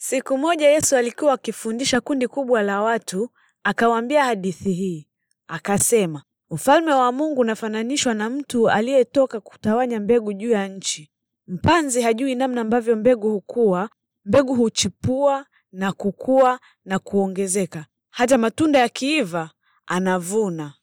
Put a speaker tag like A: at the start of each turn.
A: Siku moja Yesu alikuwa akifundisha kundi kubwa la watu, akawaambia hadithi hii, akasema, ufalme wa Mungu unafananishwa na mtu aliyetoka kutawanya mbegu juu ya nchi. Mpanzi hajui namna ambavyo mbegu hukua, mbegu huchipua na kukua na kuongezeka, hata matunda yakiiva
B: anavuna.